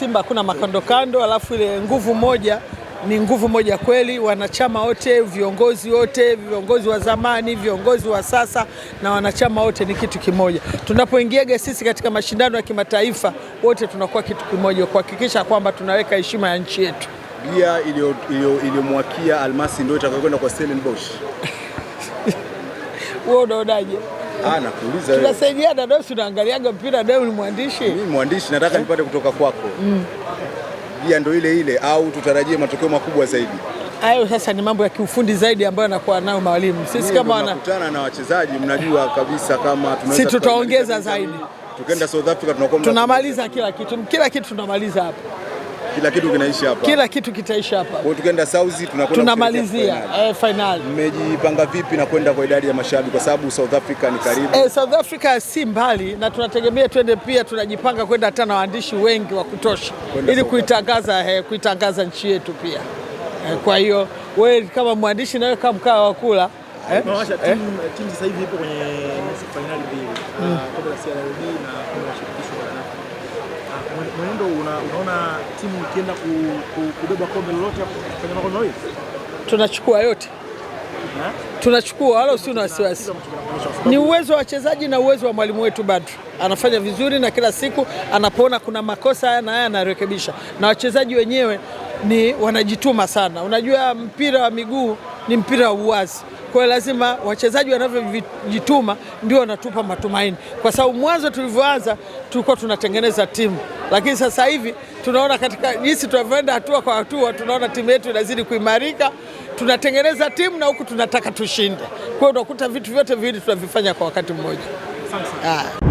Simba hakuna makandokando, alafu ile nguvu moja ni nguvu moja kweli. Wanachama wote, viongozi wote, viongozi wa zamani, viongozi wa sasa na wanachama wote ni kitu kimoja. Tunapoingiaga sisi katika mashindano ya kimataifa, wote tunakuwa kitu kimoja, kuhakikisha kwamba tunaweka heshima ya nchi yetu. Bia iliyomwakia Almasi ndio itakayokwenda kwa Stellenbosch. Wewe unaonaje? Ah, nakuuliza wewe. dada, dau, tunaangaliaga mpira dau, ni mwandishi. Mimi mwandishi nataka eh, nipate kutoka kwako mm, jia ndo ile ile au tutarajie matokeo makubwa zaidi? Hayo sasa ni mambo ya kiufundi zaidi ambayo anakuwa nayo mwalimu. Sisi kama wanakutana na wachezaji, mnajua kabisa kama tunaweza, Sisi tutaongeza zaidi. Tukenda South Africa tunakuwa tunamaliza kila kitu, kila kitu tunamaliza hapa kila kitu kinaishi hapa, kila kitu kitaishi hapa. Kwa tukienda South tunakwenda tunamalizia eh, finali. Mmejipanga vipi na kwenda kwa idadi ya mashabiki, kwa sababu South Africa ni karibu? Eh, South Africa si mbali na tunategemea twende, pia tunajipanga kwenda hata na waandishi wengi wa kutosha ili kuitangaza, eh, kuitangaza nchi yetu pia eh, kwa hiyo wewe kama mwandishi wewe kama mkaa wa kula Eh? Eh? Timu sasa hivi ipo kwenye finali mbili, mm. ah, kombe la na kombe la shirikisho mwenendo una, unaona timu ikienda kubeba ku, kombe lolote kwenye makondo mawili? Tunachukua yote ha? Tunachukua wala usio na wasiwasi. Ni uwezo wa wachezaji na uwezo wa mwalimu wetu Badru, anafanya vizuri na kila siku anapoona kuna makosa haya na haya anarekebisha, na wachezaji wenyewe ni wanajituma sana. Unajua mpira wa miguu ni mpira wa uwazi kwa lazima wachezaji wanavyojituma ndio wanatupa matumaini, kwa sababu mwanzo tulivyoanza tulikuwa tunatengeneza timu, lakini sasa hivi tunaona katika jinsi tunavyoenda hatua kwa hatua, tunaona timu yetu inazidi kuimarika, tunatengeneza timu na huku tunataka tushinde. Kwa hiyo unakuta vitu vyote viwili tunavifanya kwa wakati mmoja.